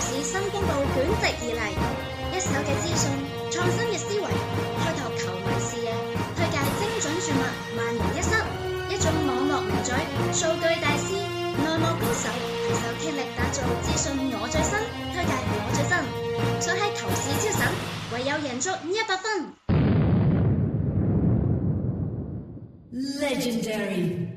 市新公佈捲席而嚟，一手嘅資訊，創新嘅思維，開拓球迷視野，推介精準注物，萬無一失。一種網絡名嘴，數據大師，內幕高手，攜手傾力打造資訊我最新，推介我最新，想喺投市超神，唯有贏足一百分。Legendary。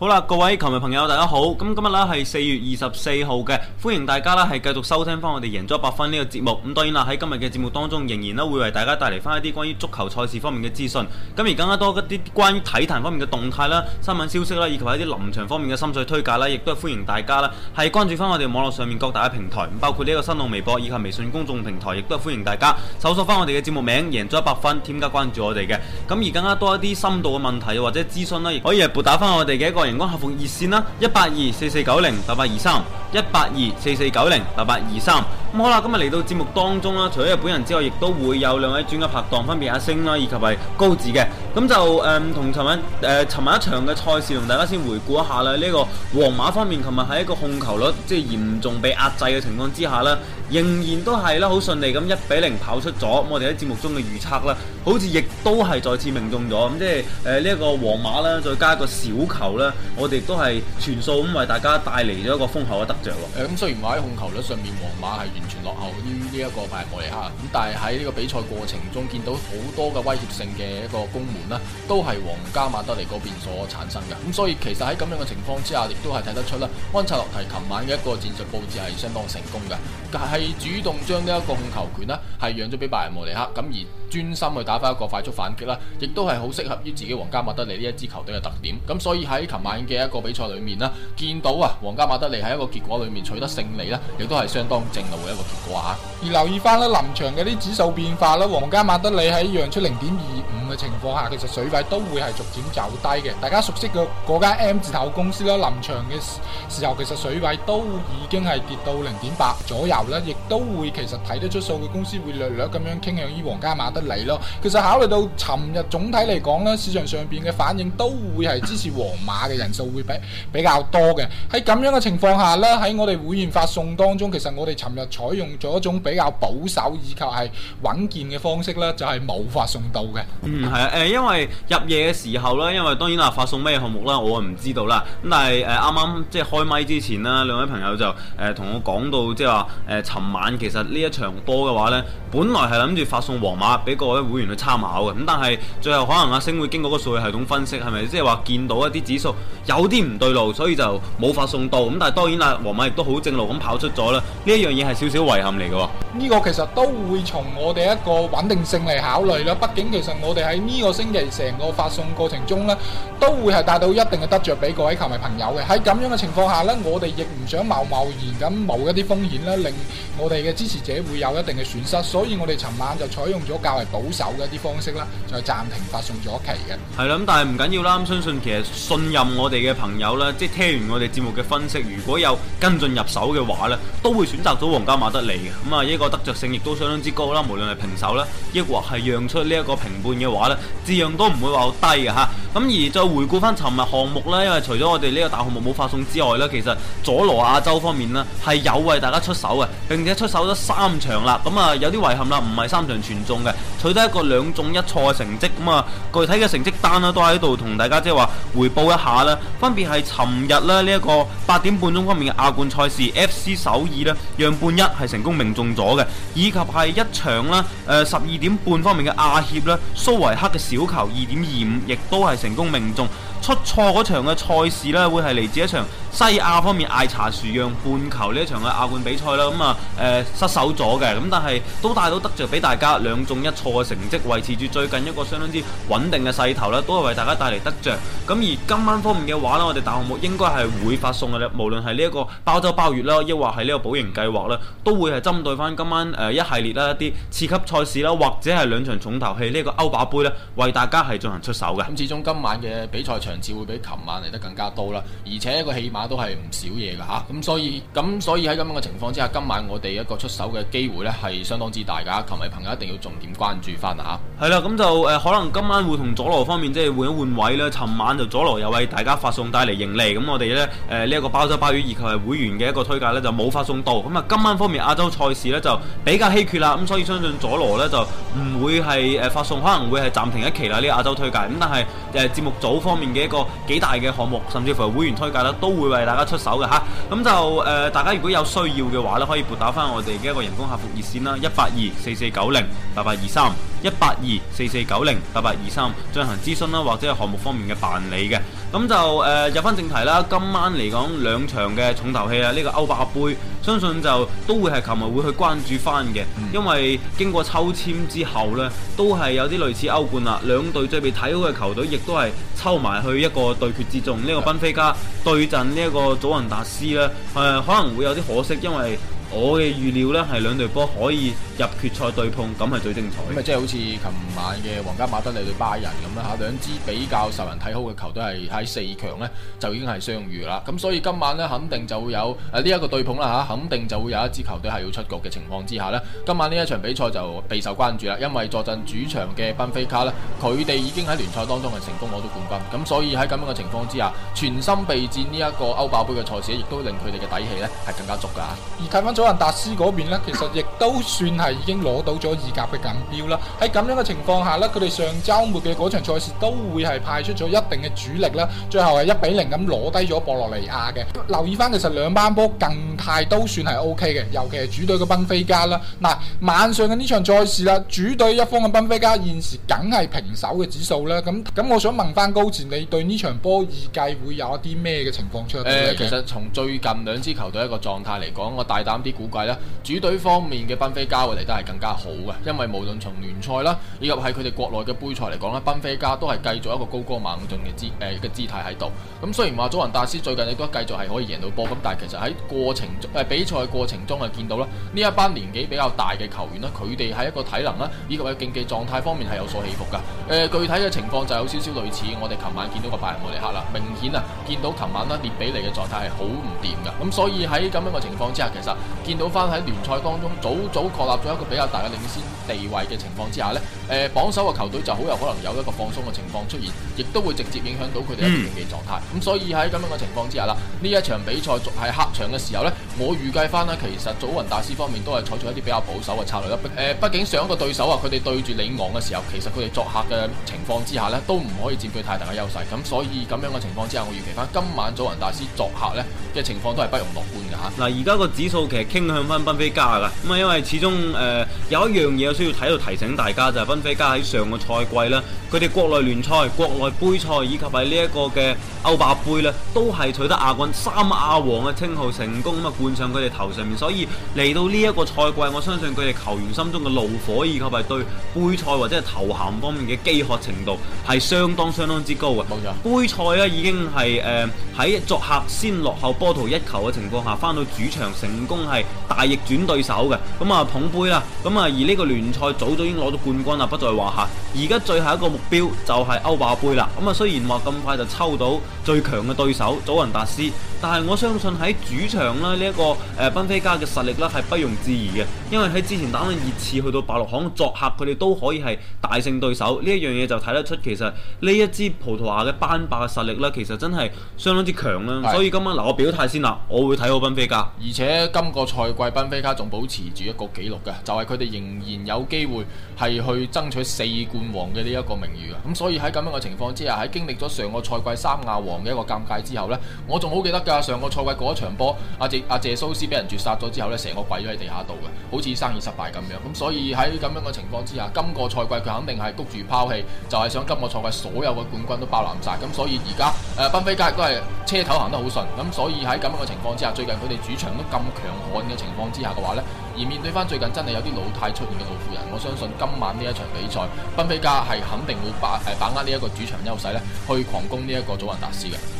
好啦，各位球迷朋友，大家好。咁今日呢係四月二十四號嘅，歡迎大家呢係繼續收聽翻，我哋贏咗一百分呢個節目。咁當然啦，喺今日嘅節目當中，仍然啦會為大家帶嚟翻一啲關於足球賽事方面嘅資訊。咁而更加多一啲關於體壇方面嘅動態啦、新聞消息啦，以及一啲臨場方面嘅心水推介啦，亦都係歡迎大家啦係關注翻我哋網絡上面各大嘅平台，包括呢個新浪微博以及微信公眾平台，亦都係歡迎大家搜索翻我哋嘅節目名贏咗一百分，添加關注我哋嘅。咁而更加多一啲深度嘅問題或者資訊啦，亦可以撥打翻我哋嘅一個。平安客服熱線啦，一八二四四九零八八二三，一八二四四九零八八二三。咁、嗯、好啦，今日嚟到節目當中啦，除咗日本人之外，亦都會有兩位專家拍檔分別阿星啦，以及係高智嘅。咁就、嗯、同尋晚、呃、尋晚一場嘅賽事，同大家先回顧一下啦。呢、這個皇馬方面，琴日喺一個控球率即係、就是、嚴重被壓制嘅情況之下咧，仍然都係啦，好順利咁一比零跑出咗。我哋喺節目中嘅預測啦，好似亦都係再次命中咗咁，即係呢一個皇馬啦，再加一個小球啦，我哋都係全數咁為大家帶嚟咗一個豐厚嘅得着喎。咁雖然話喺控球率上面，皇馬係完全落後於呢一個排摩利哈，咁但係喺呢個比賽過程中，見到好多嘅威脅性嘅一個攻門啦，都係皇家馬德里嗰邊所產生嘅，咁所以其實喺咁樣嘅情況之下，亦都係睇得出啦，安切洛提琴晚嘅一個戰術佈置係相當成功嘅。係主動將呢一個控球權呢，係讓咗俾拜仁慕尼黑，咁而專心去打翻一個快速反擊啦，亦都係好適合於自己皇家馬德里呢一支球隊嘅特點。咁所以喺琴晚嘅一個比賽裏面啦，見到啊皇家馬德里喺一個結果裏面取得勝利咧，亦都係相當正路嘅一個結果啊。而留意翻啦，臨場嘅啲指數變化啦，皇家馬德里喺讓出零點二五嘅情況下，其實水位都會係逐漸走低嘅。大家熟悉嘅嗰間 M 字頭公司啦，臨場嘅時候其實水位都已經係跌到零點八左右。亦都會其實睇得出數據公司會略略咁樣傾向於皇家馬德里咯。其實考慮到尋日總體嚟講呢，市場上邊嘅反應都會係支持皇馬嘅人數會比比較多嘅。喺咁樣嘅情況下呢，喺我哋會員發送當中，其實我哋尋日採用咗一種比較保守以及係穩健嘅方式呢，就係冇發送到嘅。嗯，係啊、呃，因為入夜嘅時候呢，因為當然啦，發送咩項目啦，我唔知道啦。咁但係啱啱即係開麥之前啦，兩位朋友就誒、呃、同我講到即係話。誒，尋晚其實呢一場波嘅話呢，本來係諗住發送皇馬俾各位會員去參考嘅，咁但係最後可能阿星會經過個數據系統分析，係咪即係話見到一啲指數有啲唔對路，所以就冇發送到。咁但係當然啦，皇馬亦都好正路咁跑出咗啦。呢一樣嘢係少少遺憾嚟嘅喎。呢個其實都會從我哋一個穩定性嚟考慮啦。畢竟其實我哋喺呢個星期成個發送過程中呢，都會係帶到一定嘅得着俾各位球迷朋友嘅。喺咁樣嘅情況下呢，我哋亦唔想貿貿然咁冒一啲風險啦，令我哋嘅支持者會有一定嘅損失，所以我哋尋晚就採用咗較為保守嘅一啲方式啦，就暫停發送咗期嘅。係啦，咁但係唔緊要啦，相信其實信任我哋嘅朋友啦，即係聽完我哋節目嘅分析，如果有跟進入手嘅話呢，都會選擇到皇家馬德里嘅。咁啊，呢個得着性亦都相當之高啦，無論係平手啦，抑或係讓出呢一個平半嘅話呢，字樣都唔會話好低嘅吓。咁而再回顧翻尋日項目啦，因為除咗我哋呢個大項目冇發送之外呢，其實佐羅亞洲方面呢係有為大家出手嘅，並且出手咗三場啦，咁啊有啲遺憾啦，唔係三場全中嘅，取得一個兩中一錯嘅成績，咁啊具體嘅成績單咧都喺度同大家即係話回報一下啦，分別係尋日呢，呢一個八點半鐘方面嘅亞冠賽事，FC 首爾呢，讓半一係成功命中咗嘅，以及係一場啦誒十二點半方面嘅亞協咧蘇維克嘅小球二點二五，亦都係成。成功命中。名出錯嗰場嘅賽事咧，會係嚟自一場西亞方面艾查殊讓半球呢一場嘅亞冠比賽啦。咁、嗯、啊，誒、呃、失手咗嘅，咁但係都帶到得着俾大家兩中一錯嘅成績，維持住最近一個相當之穩定嘅勢頭啦，都係為大家帶嚟得着。咁、嗯、而今晚方面嘅話咧，我哋大項目應該係會發送嘅咧，無論係呢一個包周包月啦，抑或係呢個保贏計劃咧，都會係針對翻今晚誒一系列啦一啲次級賽事啦，或者係兩場重頭戲呢、這個歐霸杯呢，為大家係進行出手嘅。咁始終今晚嘅比賽。場次會比琴晚嚟得更加多啦，而且一個起碼都係唔少嘢嘅吓，咁所以咁所以喺咁樣嘅情況之下，今晚我哋一個出手嘅機會呢係相當之大嘅，球迷朋友一定要重點關注翻啊嚇。係啦，咁就誒、呃、可能今晚會同佐羅方面即係換一換位呢，琴晚就佐羅又為大家發送帶嚟盈利，咁我哋呢，誒呢一個包周包月以及係會員嘅一個推介呢，就冇發送到，咁啊今晚方面亞洲賽事呢就比較稀缺啦，咁所以相信佐羅呢，就唔會係誒發送，可能會係暫停一期啦呢個亞洲推介，咁但係誒、呃、節目組方面的一個幾大嘅項目，甚至乎會員推介啦，都會為大家出手嘅吓。咁就誒、呃，大家如果有需要嘅話咧，可以撥打翻我哋嘅一個人工客服熱線啦，一八二四四九零八八二三。一八二四四九零八八二三進行諮詢啦或者係項目方面嘅辦理嘅，咁就誒入翻正題啦，今晚嚟講兩場嘅重頭戲啊，呢、這個歐霸杯，相信就都會係琴日會去關注翻嘅，因為經過抽簽之後呢，都係有啲類似歐冠啦，兩隊最被睇好嘅球隊亦都係抽埋去一個對決之中，呢、這個賓菲加對陣呢一個祖雲達斯呢，誒、呃、可能會有啲可惜，因為。我嘅預料呢，係兩隊波可以入決賽對碰，咁係最精彩。因為即係好似琴晚嘅皇家馬德里對拜仁咁啦嚇，兩支比較受人睇好嘅球隊係喺四強呢，就已經係相遇啦。咁所以今晚呢，肯定就會有啊呢一個對碰啦嚇，肯定就會有一支球隊係要出局嘅情況之下呢，今晚呢一場比賽就備受關注啦。因為坐鎮主場嘅賓菲卡呢，佢哋已經喺聯賽當中係成功攞到冠軍，咁所以喺咁樣嘅情況之下，全心備戰呢一個歐霸杯嘅賽事，亦都令佢哋嘅底氣呢係更加足噶。而睇返祖雲達斯嗰邊呢，其實亦都算係已經攞到咗意甲嘅錦標啦。喺咁樣嘅情況下呢，佢哋上周末嘅嗰場賽事都會係派出咗一定嘅主力啦。最後係一比零咁攞低咗博洛尼亞嘅。留意翻，其實兩班波近態都算係 O K 嘅，尤其係主隊嘅賓菲加啦。嗱、啊，晚上嘅呢場賽事啦，主隊一方嘅賓菲加現時梗係平手嘅指數啦。咁咁，我想問翻高前，你對呢場波預計會有一啲咩嘅情況出現？誒、呃，其實從最近兩支球隊一個狀態嚟講，我大膽啲。啲估計啦，主隊方面嘅賓菲加會嚟得係更加好嘅，因為無論從聯賽啦，以及喺佢哋國內嘅杯賽嚟講啦，賓菲加都係繼續一個高歌猛進嘅姿，誒、呃、嘅姿態喺度。咁雖然話祖雲達斯最近亦都繼續係可以贏到波，咁但係其實喺過程中，呃、比賽過程中啊，見到啦呢一班年紀比較大嘅球員啦，佢哋喺一個體能啦，以及喺競技狀態方面係有所起伏㗎。誒、呃，具體嘅情況就有少少類似，我哋琴晚見到個拜仁慕尼黑啦，明顯啊見到琴晚啦列比尼嘅狀態係好唔掂㗎。咁所以喺咁樣嘅情況之下，其實。見到翻喺聯賽當中早早確立咗一個比較大嘅領先地位嘅情況之下咧。誒榜首嘅球隊就好有可能有一個放鬆嘅情況出現，亦都會直接影響到佢哋一個競技狀態。咁、嗯、所以喺咁樣嘅情況之下啦，呢一場比賽喺客場嘅時候咧，我預計翻啦，其實祖雲大師方面都係採取一啲比較保守嘅策略啦。畢、呃、竟上一個對手啊，佢哋對住李昂嘅時候，其實佢哋作客嘅情況之下咧，都唔可以佔據太大嘅優勢。咁所以咁樣嘅情況之下，我預期翻今晚祖雲大師作客咧嘅情況都係不容樂觀嘅吓。嗱，而家個指數其實傾向翻奔飛加嘅，咁啊，因為始終誒、呃、有一樣嘢需要睇到提醒大家就是奔飛加喺上個賽季啦，佢哋國內聯賽、國內盃賽以及係呢一個嘅歐霸盃咧，都係取得亞軍、三亞王嘅稱號成功咁啊，冠上佢哋頭上面。所以嚟到呢一個賽季，我相信佢哋球員心中嘅怒火，以及係對盃賽或者係頭銜方面嘅飢渴程度係相當相當之高啊！冇錯，盃賽咧已經係誒喺作客先落後波圖一球嘅情況下，翻到主場成功係大逆轉對手嘅咁啊捧杯啦！咁啊而呢個聯賽早早已經攞到冠軍啦。不在話下，而家最後一個目標就係歐霸杯啦。咁、嗯、啊，雖然話咁快就抽到最強嘅對手祖雲達斯，但係我相信喺主場啦呢一、這個誒，賓、呃、菲加嘅實力呢係不容置疑嘅。因為喺之前打緊熱刺去到白鹿巷作客，佢哋都可以係大勝對手。呢一樣嘢就睇得出，其實呢一支葡萄牙嘅班霸嘅實力呢，其實真係相當之強啦、啊。的所以今晚嗱，我表態先啦，我會睇好賓菲加，而且今個賽季賓菲加仲保持住一個紀錄嘅，就係佢哋仍然有機會係去。爭取四冠王嘅呢一個名譽啊，咁所以喺咁樣嘅情況之下，喺經歷咗上個賽季三亞王嘅一個尷尬之後呢，我仲好記得噶，上個賽季嗰一場波，阿謝阿謝蘇斯俾人絕殺咗之後呢，成個跪咗喺地下度嘅，好似生意失敗咁樣。咁所以喺咁樣嘅情況之下，今、這個賽季佢肯定係谷住拋氣，就係、是、想今個賽季所有嘅冠軍都包攬晒。咁所以而家誒，賓菲加都係車頭行得好順。咁所以喺咁樣嘅情況之下，最近佢哋主場都咁強悍嘅情況之下嘅話呢。而面對翻最近真係有啲老態出現嘅老婦人，我相信今晚呢一場比賽，賓菲加係肯定會把，把握呢一個主場優勢去狂攻呢一個祖雲達斯。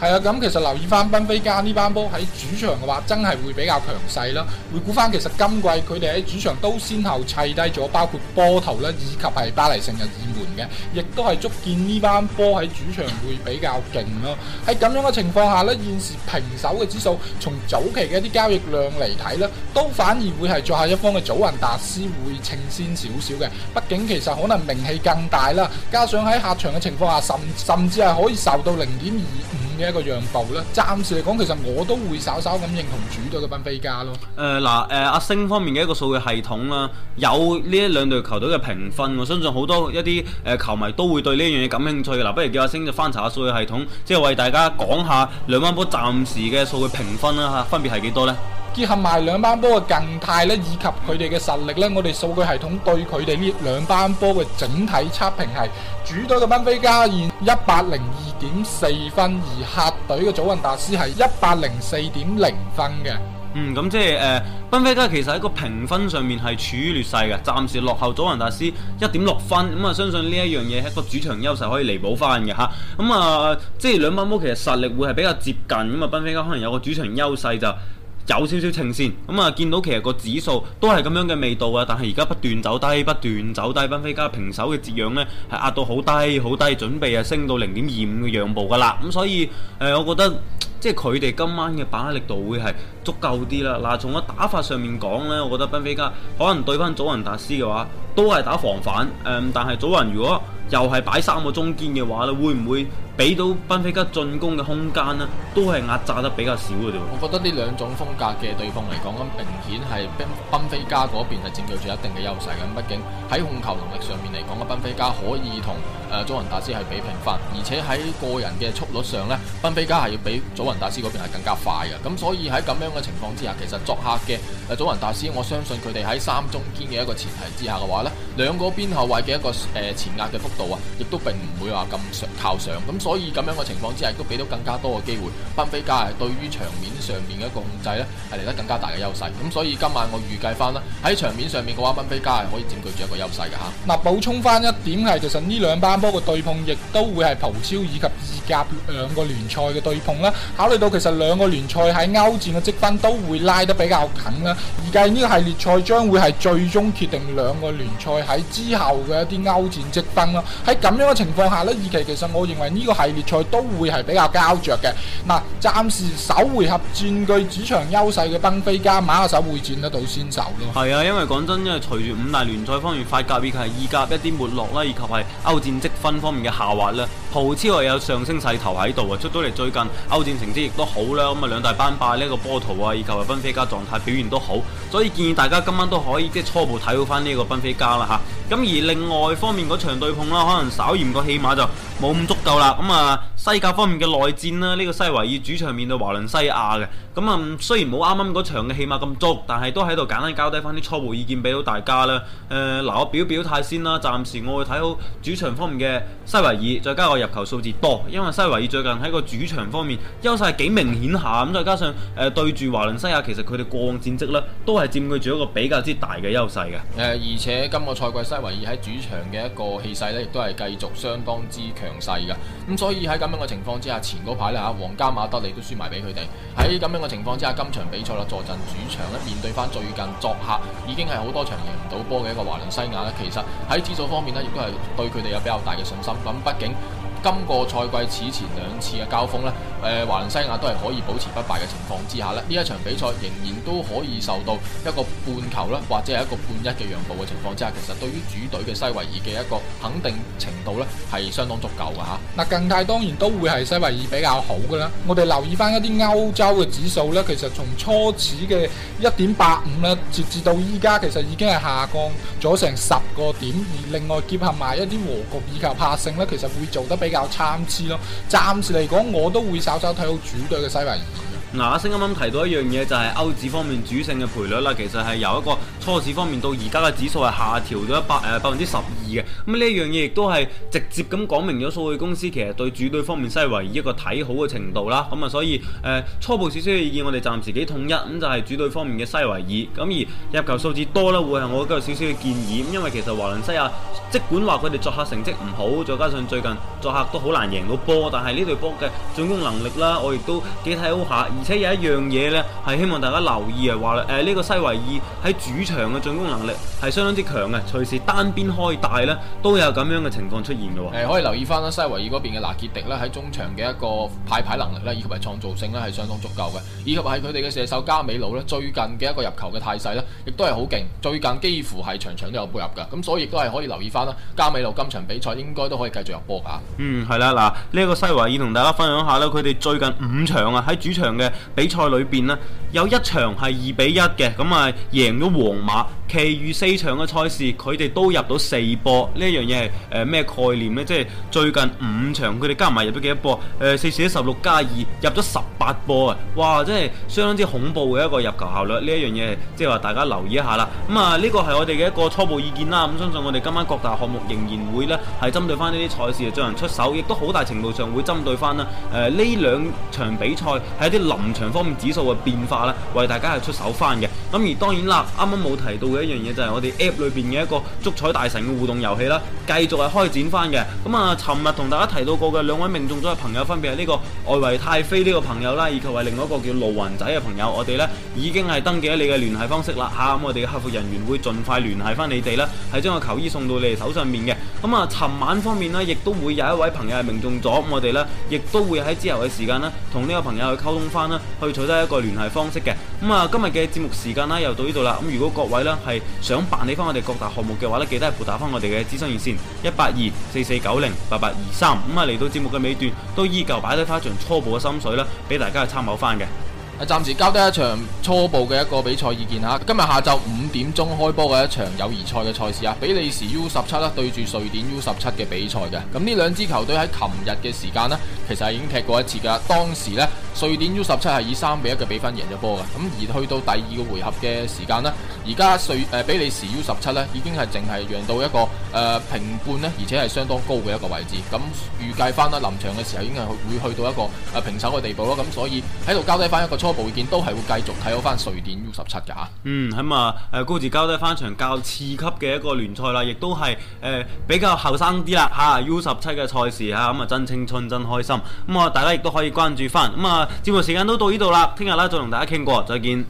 係啊，咁其實留意翻，賓菲加呢班波喺主場嘅話，真係會比較強勢啦。回顧翻，其實今季佢哋喺主場都先後砌低咗，包括波頭啦，以及係巴黎聖日耳門嘅，亦都係足見呢班波喺主場會比較勁咯。喺咁樣嘅情況下呢，現時平手嘅指數，從早期嘅一啲交易量嚟睇呢，都反而會係作客一方嘅祖雲達斯會稱先少少嘅。畢竟其實可能名氣更大啦，加上喺客場嘅情況下，甚甚至係可以受到零點二五嘅。一個讓步咧，暫時嚟講，其實我都會稍稍咁認同主隊嘅班飛加咯。誒、呃，嗱、呃，誒、啊，阿星方面嘅一個數據系統啦、啊，有呢一兩隊球隊嘅評分，我相信好多一啲誒、呃、球迷都會對呢樣嘢感興趣。嗱、呃，不如叫阿、啊、星就翻查下數據系統，即係為大家講下兩班波暫時嘅數據評分啦、啊、吓，分別係幾多咧？結合埋兩班波嘅近態咧，以及佢哋嘅實力咧，我哋數據系統對佢哋呢兩班波嘅整體測評係主隊嘅賓菲加以一百零二點四分，而客隊嘅祖雲達斯係一百零四點零分嘅。嗯，咁即係誒賓菲加其實喺個評分上面係處於劣勢嘅，暫時落後祖雲達斯一點六分。咁啊，相信呢一樣嘢係一個主場優勢可以彌補翻嘅嚇。咁啊，即係兩班波其實實力會係比較接近，咁啊賓菲加可能有個主場優勢就。有少少情線咁啊、嗯！見到其實個指數都係咁樣嘅味道啊，但係而家不斷走低，不斷走低，賓菲加平手嘅折讓呢，係壓到好低好低，準備啊升到零點二五嘅讓步噶啦。咁、嗯、所以誒、呃，我覺得即係佢哋今晚嘅把握力度會係足夠啲啦。嗱、呃，從個打法上面講呢，我覺得賓菲加可能對翻祖雲達斯嘅話都係打防反誒、嗯，但係祖雲如果又係擺三個中堅嘅話咧，會唔會？俾到賓菲加進攻嘅空間呢都係壓榨得比較少嘅啫我覺得呢兩種風格嘅對碰嚟講，咁明顯係賓賓菲加嗰邊係佔據住一定嘅優勢咁畢竟喺控球能力上面嚟講，嘅賓菲加可以同誒祖雲達斯係比平分，而且喺個人嘅速率上呢賓菲加係要比祖雲達斯嗰邊係更加快嘅。咁所以喺咁樣嘅情況之下，其實作客嘅誒祖雲達斯，我相信佢哋喺三中堅嘅一個前提之下嘅話呢兩個邊後位嘅一個誒前壓嘅幅度啊，亦都並唔會話咁上靠上咁所以咁樣嘅情況之下，亦都俾到更加多嘅機會，賓菲加係對於場面上面嘅一個控制呢係嚟得更加大嘅優勢。咁所以今晚我預計翻啦，喺場面上面嘅話，賓菲加係可以佔據住一個優勢嘅吓。嗱，補充翻一點係，其實呢兩班波嘅對碰，亦都會係葡超以及意甲兩個聯賽嘅對碰啦。考慮到其實兩個聯賽喺歐戰嘅積分都會拉得比較近啦，而計呢個系列賽將會係最終決定兩個聯賽喺之後嘅一啲歐戰積分啦。喺咁樣嘅情況下呢，二期其實我認為呢、這個個系列賽都會係比較膠着嘅，嗱，暫時首回合佔據主場優勢嘅奔飛加，馬下首會佔得到先手咯。係啊，因為講真的，因為隨住五大聯賽方面法甲，以及係意甲一啲沒落啦，以及係歐戰積分方面嘅下滑啦。葡超又有上升勢頭喺度啊，出咗嚟最近歐戰成績亦都好啦，咁啊兩大班霸呢、呢個波圖啊，以及係奔飛加狀態表現都好，所以建議大家今晚都可以即係初步睇到翻呢個奔飛加啦吓。咁、啊、而另外方面嗰場對碰啦，可能稍嫌個起碼就冇咁足夠啦。咁啊，西甲方面嘅內戰啦，呢、這個西維爾主場面對華倫西亞嘅。咁啊，雖然冇啱啱嗰場嘅戲碼咁足，但係都喺度簡單交低翻啲初步意見俾到大家啦。誒，嗱，我表表態先啦，暫時我會睇好主場方面嘅西維爾，再加個入球數字多，因為西維爾最近喺個主場方面優勢幾明顯下，咁再加上誒、呃、對住華倫西亞，其實佢哋過往戰績呢都係佔據住一個比較之大嘅優勢嘅。誒、呃，而且今個賽季西維爾喺主場嘅一個氣勢呢，亦都係繼續相當之強勢嘅。咁所以喺咁樣嘅情況之下，前嗰排咧嚇皇家馬德里都輸埋俾佢哋。喺咁樣嘅情況之下，今場比賽啦，坐陣主場咧面對翻最近作客已經係好多場贏唔到波嘅一個華倫西亞咧，其實喺指數方面咧，亦都係對佢哋有比較大嘅信心。咁畢竟。今個賽季此前兩次嘅交鋒咧，誒華倫西亞都係可以保持不敗嘅情況之下咧，呢一場比賽仍然都可以受到一個半球啦，或者係一個半一嘅讓步嘅情況之下，其實對於主隊嘅西維爾嘅一個肯定程度呢係相當足夠嘅嚇。嗱近態當然都會係西維爾比較好嘅啦。我哋留意翻一啲歐洲嘅指數呢，其實從初始嘅一點八五啦，截至到依家其實已經係下降咗成十個點，而另外結合埋一啲和局以及拍勝呢，其實會做得比比較參差咯，暫時嚟講我都會稍稍睇好主隊嘅西維爾嘅。阿星啱啱提到一樣嘢就係歐指方面主勝嘅賠率啦，其實係由一個初始方面到而家嘅指數係下調咗一百誒、呃、百分之十。嘅，咁呢一樣嘢亦都係直接咁講明咗數據公司其實對主隊方面西維爾一個睇好嘅程度啦。咁啊，所以誒、呃、初步少少嘅意見，我哋暫時幾統一，咁就係、是、主隊方面嘅西維爾。咁而入球數字多啦，會係我嘅少少嘅建議。咁因為其實華倫西亞，即管話佢哋作客成績唔好，再加上最近作客都好難贏到波，但係呢隊波嘅進攻能力啦，我亦都幾睇好下。而且有一樣嘢呢，係希望大家留意啊，話誒呢個西維爾喺主場嘅進攻能力係相當之強嘅，隨時單邊開大。係啦，都有咁樣嘅情況出現噶喎。誒、呃，可以留意翻，啦，西維爾嗰邊嘅拿傑迪咧，喺中場嘅一個派牌能力咧，以及埋創造性咧，係相當足夠嘅。以及喺佢哋嘅射手加美魯咧，最近嘅一個入球嘅態勢咧，亦都係好勁。最近幾乎係場場都有波入噶，咁所以亦都係可以留意翻啦。加美魯今場比賽應該都可以繼續入波噶嗯，係啦，嗱，呢、這、一個西維爾同大家分享一下啦，佢哋最近五場啊，喺主場嘅比賽裏邊呢，有一場係二比一嘅，咁啊，贏咗皇馬。其餘四場嘅賽事，佢哋都入到四波，呢一樣嘢係誒咩概念咧？即係最近五場佢哋加埋入咗幾多波？誒、呃、四四一十六加二入咗十八波啊！哇，真係相當之恐怖嘅一個入球效率，呢一樣嘢即係話大家留意一下啦。咁、嗯、啊，呢、呢個係我哋嘅一個初步意見啦。咁、嗯、相信我哋今晚各大項目仍然會咧係針對翻呢啲賽事進行出手，亦都好大程度上會針對翻啦。誒、呃、呢兩場比賽係一啲臨場方面指數嘅變化啦，為大家係出手翻嘅。咁、嗯、而當然啦，啱啱冇提到嘅。一樣嘢就係我哋 App 裏邊嘅一個足彩大神嘅互動遊戲啦，繼續係開展翻嘅。咁啊，尋日同大家提到過嘅兩位命中咗嘅朋友，分別係呢個外圍泰菲呢個朋友啦，以及係另外一個叫路雲仔嘅朋友。我哋呢已經係登記咗你嘅聯繫方式啦，嚇、啊！咁我哋嘅客服人員會盡快聯繫翻你哋啦，係將個球衣送到你哋手上面嘅。咁啊，尋、嗯、晚方面咧，亦都會有一位朋友係命中咗、嗯，我哋咧亦都會喺之後嘅時間咧，同呢個朋友去溝通翻啦，去取得一個聯繫方式嘅。咁、嗯、啊，今日嘅節目時間啦，又到呢度啦。咁、嗯、如果各位咧係想辦理翻我哋各大項目嘅話咧，記得係撥打翻我哋嘅諮詢熱線一八二四四九零八八二三。咁啊，嚟、嗯、到節目嘅尾段，都依舊擺低翻一場初步嘅心水啦，俾大家去參考翻嘅。暫時交低一場初步嘅一個比賽意見吓，今日下晝五點鐘開波嘅一場友誼賽嘅賽事啊，比利時 U 十七啦對住瑞典 U 十七嘅比賽嘅，咁呢兩支球隊喺琴日嘅時間啦。其實已經踢過一次噶啦，當時咧瑞典 U 十七係以三比一嘅比分贏咗波嘅，咁而去到第二個回合嘅時間呢，而家瑞誒比利時 U 十七咧已經係淨係讓到一個誒平半咧，而且係相當高嘅一個位置，咁預計翻啦，臨場嘅時候已經係會，會去到一個誒、呃、平手嘅地步咯，咁所以喺度交低翻一個初步意見，都係會繼續睇好翻瑞典 U 十七噶吓。嗯，咁啊誒，高志交低翻場較次級嘅一個聯賽啦，亦都係誒、呃、比較後生啲啦吓，U 十七嘅賽事吓，咁啊真青春真開心。咁啊，大家亦都可以關注翻。咁啊，節目時間都到呢度啦，聽日咧再同大家傾過，再見。